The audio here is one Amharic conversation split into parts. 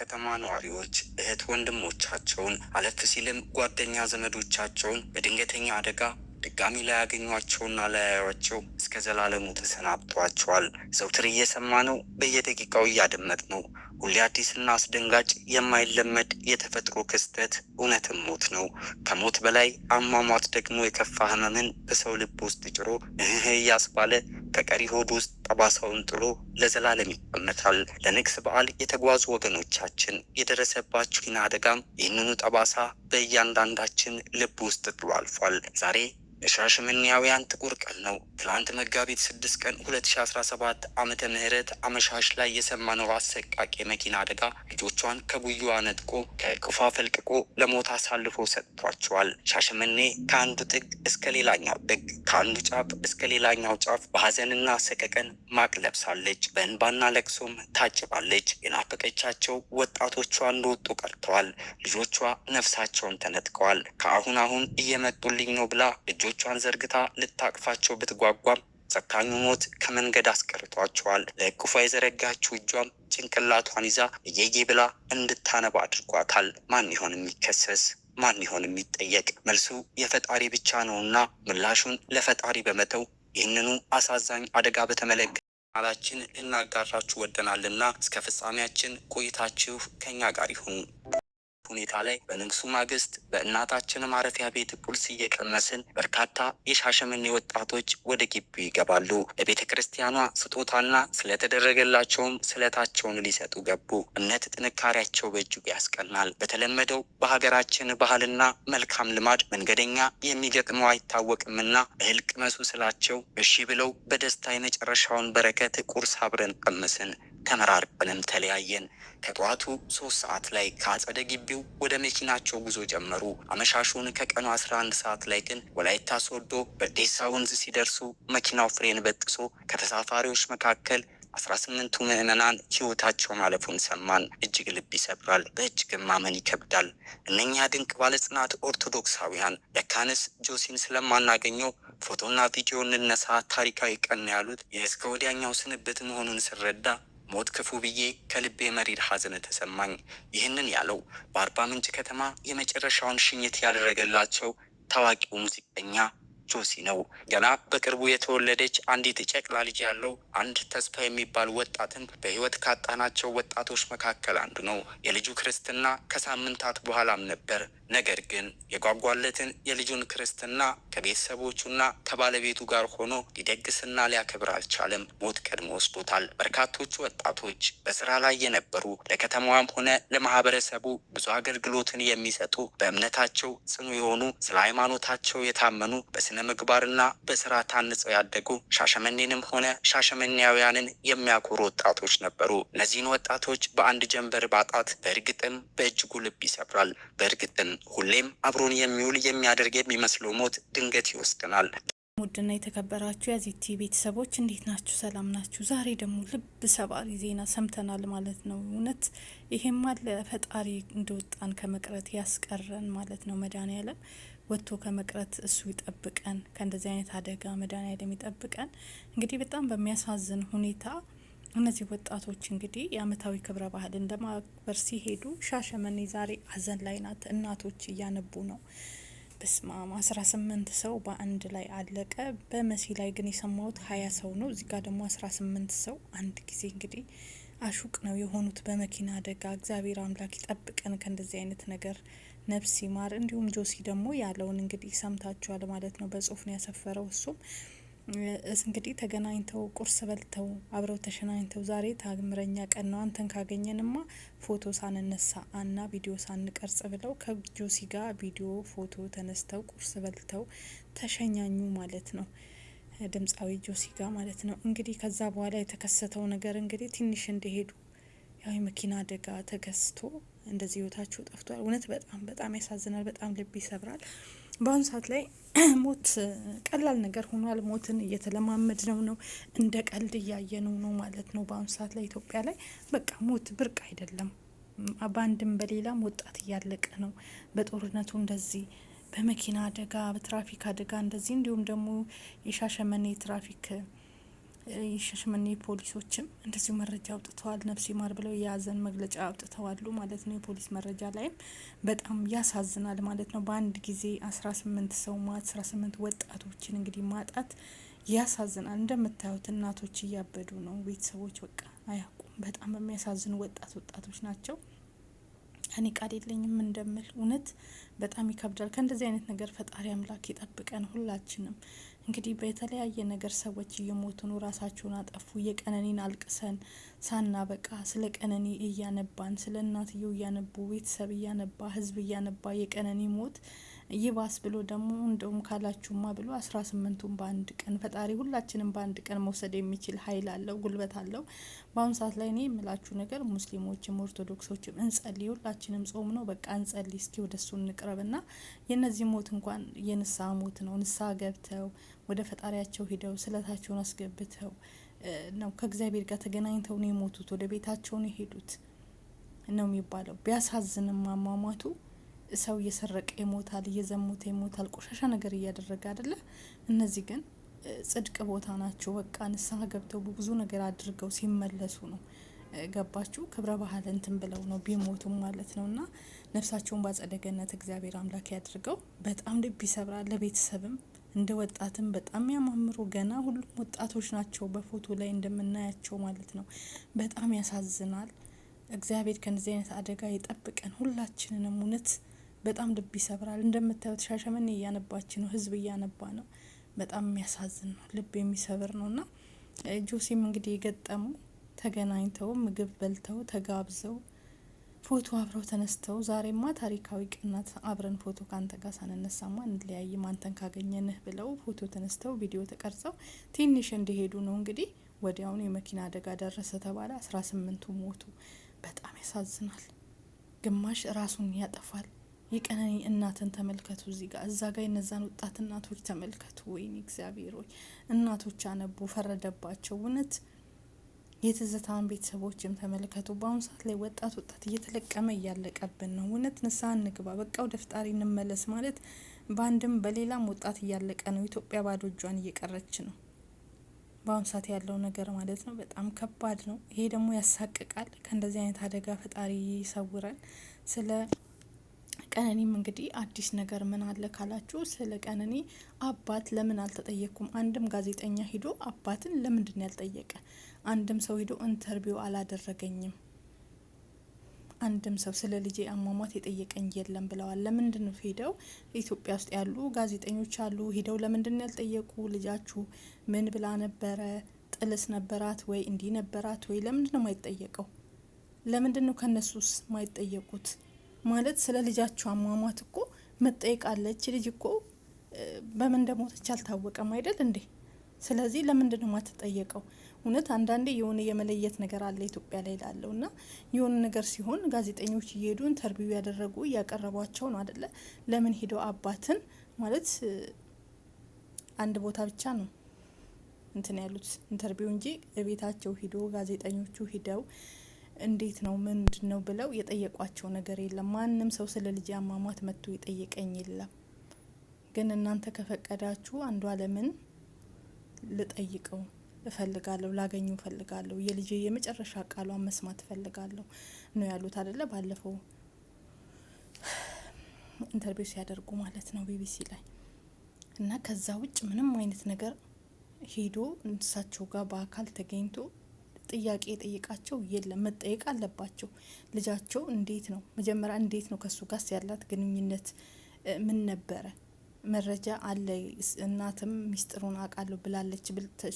ከተማ ነዋሪዎች እህት ወንድሞቻቸውን አለፍ ሲልም ጓደኛ ዘመዶቻቸውን በድንገተኛ አደጋ ድጋሚ ላያገኟቸውና ላያዩቸው እስከ ዘላለሙ ተሰናብቷቸዋል። ዘውትር እየሰማ ነው፣ በየደቂቃው እያደመጥ ነው። ሁሌ አዲስና አስደንጋጭ የማይለመድ የተፈጥሮ ክስተት እውነትም ሞት ነው። ከሞት በላይ አሟሟት ደግሞ የከፋ ህመምን በሰው ልብ ውስጥ ጭሮ እህህ እያስባለ ከቀሪ ሆድ ውስጥ ጠባሳውን ጥሎ ለዘላለም ይቀመጣል። ለንግስ በዓል የተጓዙ ወገኖቻችን የደረሰባችሁን አደጋም ይህንኑ ጠባሳ በእያንዳንዳችን ልብ ውስጥ ጥሎ አልፏል። ዛሬ የሻሸመኔያውያን ጥቁር ቀን ነው። ትላንት መጋቢት ስድስት ቀን ሁለት ሺ አስራ ሰባት ዓመተ ምህረት አመሻሽ ላይ የሰማነው አሰቃቂ መኪና አደጋ ልጆቿን ከቡዩዋ ነጥቆ ከክፋ ፈልቅቆ ለሞት አሳልፎ ሰጥቷቸዋል። ሻሸመኔ ከአንዱ ጥግ እስከ ሌላኛው ጥግ፣ ከአንዱ ጫፍ እስከ ሌላኛው ጫፍ በሀዘንና ሰቀቀን ማቅ ለብሳለች። በእንባና ለቅሶም ታጭባለች። የናፈቀቻቸው ወጣቶቿ እንደወጡ ቀርተዋል። ልጆቿ ነፍሳቸውን ተነጥቀዋል። ከአሁን አሁን እየመጡልኝ ነው ብላ ልጆ እጆቿን ዘርግታ ልታቅፋቸው ብትጓጓም ጨካኙ ሞት ከመንገድ አስቀርቷቸዋል። ለእቅፏ የዘረጋችው እጇም ጭንቅላቷን ይዛ እየዬ ብላ እንድታነባ አድርጓታል። ማን ይሆን የሚከሰስ? ማን ይሆን የሚጠየቅ? መልሱ የፈጣሪ ብቻ ነውና ምላሹን ለፈጣሪ በመተው ይህንኑ አሳዛኝ አደጋ በተመለከተ ቃላችን ልናጋራችሁ ወደናልና እስከ ፍጻሜያችን ቆይታችሁ ከኛ ጋር ይሁን። ሁኔታ ላይ በንግሱ ማግስት በእናታችን ማረፊያ ቤት ቁርስ እየቀመስን በርካታ የሻሸመኔ ወጣቶች ወደ ግቢው ይገባሉ። ለቤተ ክርስቲያኗ ስጦታና ስለተደረገላቸውም ስለታቸውን ሊሰጡ ገቡ። እምነት ጥንካሬያቸው በእጅጉ ያስቀናል። በተለመደው በሀገራችን ባህልና መልካም ልማድ መንገደኛ የሚገጥመው አይታወቅምና እህል ቅመሱ ስላቸው እሺ ብለው በደስታ የመጨረሻውን በረከት ቁርስ አብረን ቀመስን። ተመራርበንም ተለያየን። ከጠዋቱ ሶስት ሰዓት ላይ ከአጸደ ግቢው ወደ መኪናቸው ጉዞ ጀመሩ። አመሻሹን ከቀኑ 11 ሰዓት ላይ ግን ወላይታ ሶዶ በዴሳ ወንዝ ሲደርሱ መኪናው ፍሬን በጥሶ ከተሳፋሪዎች መካከል አስራ ስምንቱ ምዕመናን ህይወታቸው ማለፉን ሰማን። እጅግ ልብ ይሰብራል፣ በእጅግም ማመን ይከብዳል። እነኛ ድንቅ ባለጽናት ኦርቶዶክሳውያን ለካንስ ጆሲን ስለማናገኘው ፎቶና ቪዲዮ እንነሳ ታሪካዊ ቀን ያሉት የእስከ ወዲያኛው ስንብት መሆኑን ስረዳ ሞት ክፉ ብዬ ከልቤ መሪር ሐዘን ተሰማኝ። ይህንን ያለው በአርባ ምንጭ ከተማ የመጨረሻውን ሽኝት ያደረገላቸው ታዋቂው ሙዚቀኛ ጆሲ ነው። ገና በቅርቡ የተወለደች አንዲት ጨቅላ ልጅ ያለው አንድ ተስፋ የሚባል ወጣትን በህይወት ካጣናቸው ወጣቶች መካከል አንዱ ነው። የልጁ ክርስትና ከሳምንታት በኋላም ነበር ነገር ግን የጓጓለትን የልጁን ክርስትና ከቤተሰቦቹና ከባለቤቱ ጋር ሆኖ ሊደግስና ሊያከብር አልቻለም። ሞት ቀድሞ ወስዶታል። በርካቶቹ ወጣቶች በስራ ላይ የነበሩ ለከተማዋም ሆነ ለማህበረሰቡ ብዙ አገልግሎትን የሚሰጡ በእምነታቸው ጽኑ የሆኑ ስለ ሃይማኖታቸው የታመኑ በስነ ምግባርና በስራ ታንጸው ያደጉ ሻሸመኔንም ሆነ ሻሸመኔያውያንን የሚያኮሩ ወጣቶች ነበሩ። እነዚህን ወጣቶች በአንድ ጀንበር ባጣት በእርግጥም በእጅጉ ልብ ይሰብራል። በእርግጥም ሁሌም አብሮን የሚውል የሚያደርግ የሚመስለው ሞት ድንገት ይወስደናል። ውድና የተከበራችሁ የዚቲ ቤተሰቦች እንዴት ናችሁ? ሰላም ናችሁ? ዛሬ ደግሞ ልብ ሰባሪ ዜና ሰምተናል ማለት ነው። እውነት አለ ፈጣሪ እንደወጣን ከመቅረት ያስቀረን ማለት ነው። መድኃኔዓለም ወጥቶ ከመቅረት እሱ ይጠብቀን፣ ከእንደዚህ አይነት አደጋ መድኃኔዓለም ይጠብቀን። እንግዲህ በጣም በሚያሳዝን ሁኔታ እነዚህ ወጣቶች እንግዲህ የአመታዊ ክብረ ባህልን ለማክበር ሲሄዱ ሻሸመኔ ዛሬ ሀዘን ላይ ናት። እናቶች እያነቡ ነው። በስማም አስራ ስምንት ሰው በአንድ ላይ አለቀ። በመሲ ላይ ግን የሰማሁት ሀያ ሰው ነው። እዚህ ጋር ደግሞ አስራ ስምንት ሰው አንድ ጊዜ እንግዲህ አሹቅ ነው የሆኑት በመኪና አደጋ። እግዚአብሔር አምላክ ይጠብቀን ከእንደዚህ አይነት ነገር ነፍስ ይማር። እንዲሁም ጆሲ ደግሞ ያለውን እንግዲህ ሰምታችኋል ማለት ነው። በጽሁፍ ነው ያሰፈረው እሱም እንግዲህ ተገናኝተው ቁርስ በልተው አብረው ተሸናኝተው ዛሬ ታምረኛ ቀን ነው አንተን ካገኘንማ ፎቶ ሳንነሳ አና ቪዲዮ ሳንቀርጽ ብለው ከጆሲ ጋር ቪዲዮ ፎቶ ተነስተው ቁርስ በልተው ተሸኛኙ ማለት ነው። ድምፃዊ ጆሲ ጋር ማለት ነው። እንግዲህ ከዛ በኋላ የተከሰተው ነገር እንግዲህ ትንሽ እንደሄዱ ያው የመኪና አደጋ ተከስቶ እንደዚህ ህይወታቸው ጠፍቷል። እውነት በጣም በጣም ያሳዝናል። በጣም ልብ ይሰብራል። በአሁኑ ሰዓት ላይ ሞት ቀላል ነገር ሆኗል። ሞትን እየተለማመድ ነው ነው እንደ ቀልድ እያየ ነው ነው ማለት ነው። በአሁኑ ሰዓት ላይ ኢትዮጵያ ላይ በቃ ሞት ብርቅ አይደለም። በአንድም በሌላም ወጣት እያለቀ ነው። በጦርነቱ እንደዚህ በመኪና አደጋ፣ በትራፊክ አደጋ እንደዚህ እንዲሁም ደግሞ የሻሸመኔ ትራፊክ የሻሸመኔ ፖሊሶችም እንደዚሁ መረጃ አውጥተዋል። ነፍስ ይማር ብለው የሀዘን መግለጫ አውጥተዋሉ ማለት ነው። የፖሊስ መረጃ ላይም በጣም ያሳዝናል ማለት ነው። በአንድ ጊዜ አስራ ስምንት ሰው ማት አስራ ስምንት ወጣቶችን እንግዲህ ማጣት ያሳዝናል። እንደምታዩት እናቶች እያበዱ ነው። ቤተሰቦች በቃ አያውቁም። በጣም የሚያሳዝኑ ወጣት ወጣቶች ናቸው። እኔ ቃል የለኝም እንደምል እውነት በጣም ይከብዳል። ከእንደዚህ አይነት ነገር ፈጣሪ አምላክ ይጠብቀን ሁላችንም። እንግዲህ በተለያየ ነገር ሰዎች እየሞቱ ነው፣ ራሳቸውን አጠፉ። የቀነኒን አልቅሰን ሳና በቃ ስለ ቀነኒ እያነባን ስለ እናትየው እያነቡ ቤተሰብ እያነባ ህዝብ እያነባ የቀነኒ ሞት ይባስ ብሎ ደግሞ እንደውም ካላችሁማ ብሎ አስራ ስምንቱን በአንድ ቀን ፈጣሪ ሁላችንም በአንድ ቀን መውሰድ የሚችል ኃይል አለው፣ ጉልበት አለው። በአሁኑ ሰዓት ላይ እኔ የምላችሁ ነገር ሙስሊሞችም ኦርቶዶክሶችም እንጸልይ። ሁላችንም ጾም ነው፣ በቃ እንጸልይ። እስኪ ወደ እሱ እንቅረብ ና የእነዚህ ሞት እንኳን የንስሐ ሞት ነው። ንስሐ ገብተው ወደ ፈጣሪያቸው ሂደው ስለታቸውን አስገብተው ነው ከእግዚአብሔር ጋር ተገናኝተው ነው የሞቱት፣ ወደ ቤታቸውን የሄዱት ነው የሚባለው። ቢያሳዝንም አሟሟቱ ሰው እየሰረቀ ይሞታል፣ እየዘሞተ ይሞታል፣ ቆሻሻ ነገር እያደረገ አይደለ? እነዚህ ግን ጽድቅ ቦታ ናቸው። በቃ ንስሐ ገብተው ብዙ ነገር አድርገው ሲመለሱ ነው። ገባችሁ? ክብረ ባህል እንትን ብለው ነው ቢሞቱም ማለት ነው። እና ነፍሳቸውን ባጸደገነት ገነት እግዚአብሔር አምላክ ያድርገው። በጣም ልብ ይሰብራል። ለቤተሰብም እንደ ወጣትም በጣም ያማምሩ ገና ሁሉም ወጣቶች ናቸው፣ በፎቶ ላይ እንደምናያቸው ማለት ነው። በጣም ያሳዝናል። እግዚአብሔር ከእንደዚህ አይነት አደጋ ይጠብቀን ሁላችንንም እውነት በጣም ልብ ይሰብራል። እንደምታዩት ሻሸመኔ እያነባች ነው፣ ህዝብ እያነባ ነው። በጣም የሚያሳዝን ነው፣ ልብ የሚሰብር ነው። እና ጆሲም እንግዲህ የገጠሙ ተገናኝተው ምግብ በልተው ተጋብዘው ፎቶ አብረው ተነስተው ዛሬማ ታሪካዊ ቅናት አብረን ፎቶ ከአንተ ጋር ሳንነሳማ እንለያይም አንተን ካገኘንህ ብለው ፎቶ ተነስተው ቪዲዮ ተቀርጸው ትንሽ እንደሄዱ ነው እንግዲህ ወዲያውኑ የመኪና አደጋ ደረሰ ተባለ። አስራ ስምንቱ ሞቱ። በጣም ያሳዝናል። ግማሽ ራሱን ያጠፋል። የቀነኒ እናትን ተመልከቱ እዚህ ጋር እዛ ጋር የነዛን ወጣት እናቶች ተመልከቱ። ወይም እግዚአብሔር ወይ እናቶች አነቡ ፈረደባቸው። እውነት የትዝታን ቤተሰቦችም ተመልከቱ። በአሁኑ ሰዓት ላይ ወጣት ወጣት እየተለቀመ እያለቀብን ነው። እውነት ንስሐ እንግባ፣ በቃ ወደ እንመለስ ማለት በአንድም በሌላም ወጣት እያለቀ ነው። ኢትዮጵያ ባዶ እጇን እየቀረች ነው በአሁኑ ሰዓት ያለው ነገር ማለት ነው። በጣም ከባድ ነው። ይሄ ደግሞ ያሳቅቃል። ከእንደዚህ አይነት አደጋ ፈጣሪ ይሰውረን ስለ ቀነኒም እንግዲህ አዲስ ነገር ምን አለ ካላችሁ ስለ ቀነኒ አባት ለምን አልተጠየቅኩም? አንድም ጋዜጠኛ ሂዶ አባትን ለምንድን ነው ያልጠየቀ? አንድም ሰው ሂዶ ኢንተርቪው አላደረገኝም፣ አንድም ሰው ስለ ልጄ አሟሟት የጠየቀኝ የለም ብለዋል። ለምንድን ነው ሄደው ኢትዮጵያ ውስጥ ያሉ ጋዜጠኞች አሉ፣ ሂደው ለምንድን ያልጠየቁ? ልጃችሁ ምን ብላ ነበረ? ጥልስ ነበራት ወይ? እንዲህ ነበራት ወይ? ለምንድን ነው ማይጠየቀው? ለምንድን ነው ከእነሱስ ማይጠየቁት? ማለት ስለ ልጃቸው አሟሟት እኮ መጠየቅ አለች። ልጅ እኮ በምን እንደሞተች አልታወቀም አይደል እንዴ? ስለዚህ ለምንድን ነው የማትጠየቀው? እውነት አንዳንዴ የሆነ የመለየት ነገር አለ ኢትዮጵያ ላይ ላለው እና የሆነ ነገር ሲሆን ጋዜጠኞች እየሄዱ ኢንተርቪው ያደረጉ እያቀረቧቸው ነው አደለ? ለምን ሄደው አባትን ማለት አንድ ቦታ ብቻ ነው እንትን ያሉት ኢንተርቪው እንጂ ቤታቸው ሂዶ ጋዜጠኞቹ ሂደው እንዴት ነው ምንድን ነው ብለው የጠየቋቸው ነገር የለም። ማንም ሰው ስለ ልጅ አሟሟት መጥቶ የጠየቀኝ የለም። ግን እናንተ ከፈቀዳችሁ አንዱ አለምን ልጠይቀው እፈልጋለሁ፣ ላገኙ እፈልጋለሁ፣ የልጅ የመጨረሻ ቃሏን መስማት እፈልጋለሁ ነው ያሉት አደለ ባለፈው ኢንተርቪው ሲያደርጉ ማለት ነው ቢቢሲ ላይ እና ከዛ ውጭ ምንም አይነት ነገር ሄዶ እንስሳቸው ጋር በአካል ተገኝቶ ጥያቄ የጠየቃቸው የለም። መጠየቅ አለባቸው። ልጃቸው እንዴት ነው መጀመሪያ እንዴት ነው ከሱ ጋስ ያላት ግንኙነት ምን ነበረ? መረጃ አለ። እናትም ሚስጥሩን አውቃለሁ ብላለች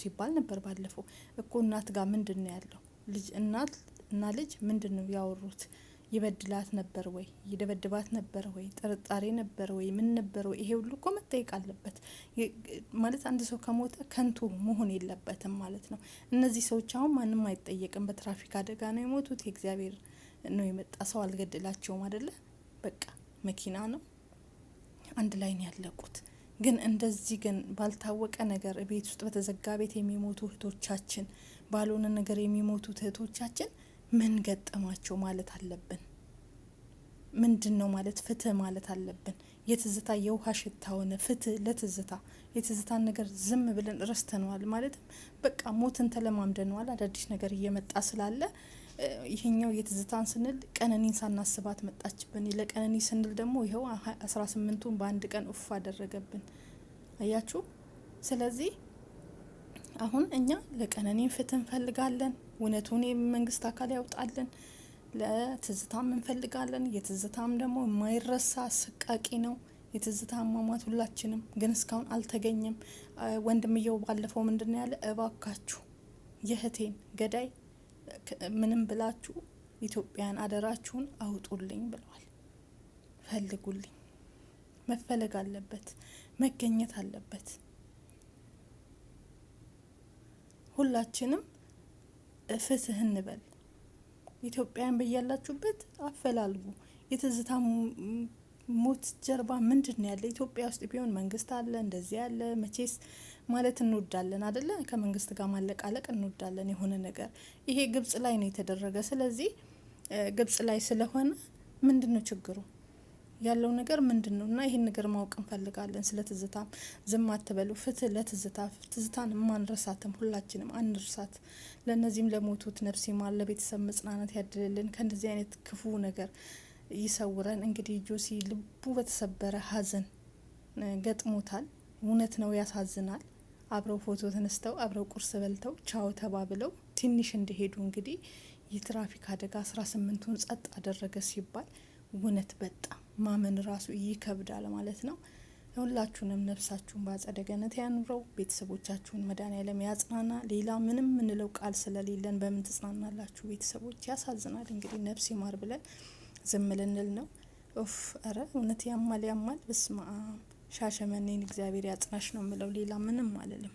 ሲባል ነበር ባለፈው እኮ እናት ጋር ምንድን ነው ያለው? ልጅ እናት እና ልጅ ምንድን ነው ያወሩት? ይበድላት ነበር ወይ? ይደበድባት ነበር ወይ? ጥርጣሬ ነበር ወይ? ምን ነበር ወይ? ይሄ ሁሉ እኮ መጠየቅ አለበት ማለት አንድ ሰው ከሞተ ከንቱ መሆን የለበትም ማለት ነው። እነዚህ ሰዎች አሁን ማንም አይጠየቅም። በትራፊክ አደጋ ነው የሞቱት። የእግዚአብሔር ነው የመጣ ሰው አልገደላቸውም አደለ? በቃ መኪና ነው አንድ ላይ ነው ያለቁት። ግን እንደዚህ ግን ባልታወቀ ነገር ቤት ውስጥ በተዘጋ ቤት የሚሞቱ እህቶቻችን፣ ባልሆነ ነገር የሚሞቱ እህቶቻችን ምን ገጠማቸው ማለት አለብን። ምንድን ነው ማለት ፍትህ ማለት አለብን። የትዝታ የውሃ ሽታ ሆነ ፍትህ ለትዝታ። የትዝታን ነገር ዝም ብለን ረስተነዋል። ማለትም በቃ ሞትን ተለማምደነዋል። አዳዲስ ነገር እየመጣ ስላለ ይህኛው የትዝታን ስንል ቀነኒን ሳናስባት መጣችብን። ለቀነኒ ስንል ደግሞ ይኸው አስራ ስምንቱን በአንድ ቀን ኡፍ አደረገብን። አያችሁ። ስለዚህ አሁን እኛ ለቀነኒን ፍትህ እንፈልጋለን። እውነቱን የመንግስት አካል ያውጣልን። ለትዝታም እንፈልጋለን። የትዝታም ደግሞ የማይረሳ አሰቃቂ ነው። የትዝታ አሟሟት ሁላችንም ግን እስካሁን አልተገኘም። ወንድምየው ባለፈው ምንድን ያለ? እባካችሁ የህቴን ገዳይ ምንም ብላችሁ ኢትዮጵያን አደራችሁን አውጡልኝ ብለዋል። ፈልጉልኝ፣ መፈለግ አለበት፣ መገኘት አለበት ሁላችንም ፍትህ እንበል። ኢትዮጵያን በያላችሁበት አፈላልጉ። የትዝታ ሞት ጀርባ ምንድን ነው ያለ? ኢትዮጵያ ውስጥ ቢሆን መንግስት አለ፣ እንደዚህ ያለ መቼስ ማለት እንወዳለን አደለ? ከመንግስት ጋር ማለቃለቅ እንወዳለን የሆነ ነገር። ይሄ ግብጽ ላይ ነው የተደረገ። ስለዚህ ግብጽ ላይ ስለሆነ ምንድን ነው ችግሩ? ያለው ነገር ምንድን ነው እና ይህን ነገር ማወቅ እንፈልጋለን። ስለ ትዝታ ዝም አትበሉ። ፍትህ ለትዝታ። ትዝታን ማንረሳትም፣ ሁላችንም አንርሳት። ለእነዚህም ለሞቱት ነፍስ ይማር፣ ለቤተሰብ መጽናናት ያድልልን፣ ከእንደዚህ አይነት ክፉ ነገር ይሰውረን። እንግዲህ ጆሲ ልቡ በተሰበረ ሀዘን ገጥሞታል። እውነት ነው፣ ያሳዝናል። አብረው ፎቶ ተነስተው አብረው ቁርስ በልተው ቻው ተባብለው ትንሽ እንደሄዱ እንግዲህ የትራፊክ አደጋ አስራ ስምንቱን ጸጥ አደረገ ሲባል እውነት በጣም ማመን ራሱ ይከብዳል ማለት ነው። ሁላችሁንም ነፍሳችሁን በአጸደ ገነት ያኑረው። ቤተሰቦቻችሁን መድኃኔዓለም ያጽናና። ሌላ ምንም የምንለው ቃል ስለሌለን በምን ትጽናናላችሁ? ቤተሰቦች ያሳዝናል። እንግዲህ ነፍስ ይማር ብለን ዝም ልንል ነው። ኡፍ ረ እውነት ያማል ያማል። በስመ አብ ሻሸመኔን እግዚአብሔር ያጽናሽ ነው ምለው ሌላ ምንም አልልም።